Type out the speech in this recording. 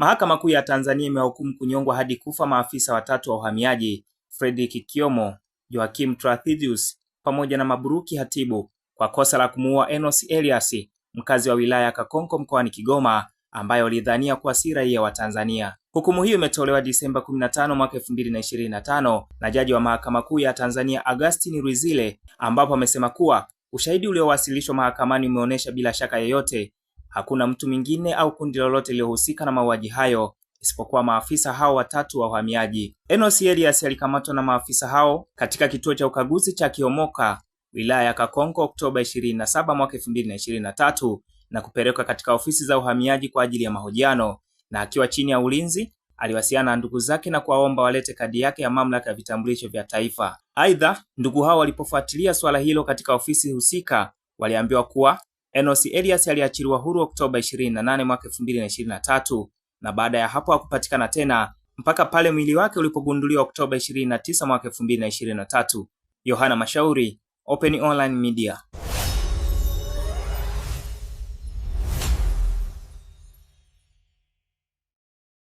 Mahakama Kuu ya Tanzania imewahukumu kunyongwa hadi kufa maafisa watatu wa uhamiaji, Fredrick Kiomo, Joakim trathidius pamoja na maburuki Hatibu kwa kosa la kumuua Enos Elias, mkazi wa wilaya ya Kakonko mkoani Kigoma, ambaye walidhania kuwa si raia wa Tanzania. Hukumu hiyo imetolewa Disemba 15 mwaka 2025 na jaji wa Mahakama Kuu ya Tanzania Augustine ruizile ambapo amesema kuwa ushahidi uliowasilishwa mahakamani umeonyesha bila shaka yoyote Hakuna mtu mwingine au kundi lolote lililohusika na mauaji hayo isipokuwa maafisa hao watatu wa uhamiaji. Enos Elias alikamatwa na maafisa hao katika kituo cha ukaguzi cha Kiomoka, wilaya ya Kakonko Oktoba 27 mwaka 2023 na kupelekwa katika ofisi za uhamiaji kwa ajili ya mahojiano, na akiwa chini ya ulinzi aliwasiliana na ndugu zake na kuwaomba walete kadi yake ya mamlaka ya vitambulisho vya taifa. Aidha, ndugu hao walipofuatilia suala hilo katika ofisi husika, waliambiwa kuwa Enos Elias aliachiliwa huru Oktoba 28 mwaka 2023 na baada ya hapo hakupatikana tena mpaka pale mwili wake ulipogunduliwa Oktoba 29 mwaka 2023. Yohana Mashauri, Open Online Media.